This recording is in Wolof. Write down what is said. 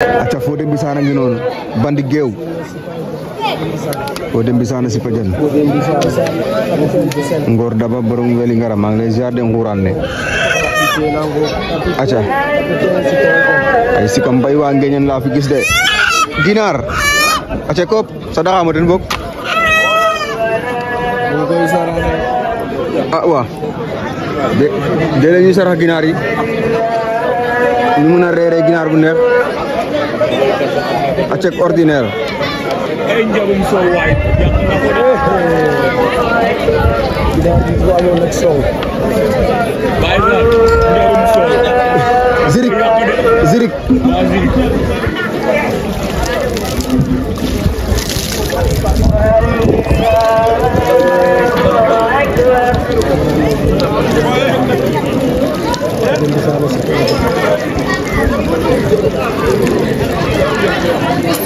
acha fo dem bisana ngi non bandi géew fo dem bisana si fajan ngor daba borom weli ngara mang ngi lay ziar dem xuraan ne acha ay kam bay wa ngeñen la fi gis de acha kop sadaqa mo den bok ah wa de de lañu sarah sarax yi ñu mëna ginar bu neex Acek ordinal. Oh, oh. Zirik. Zirik. Zirik. Zirik. ハハハハ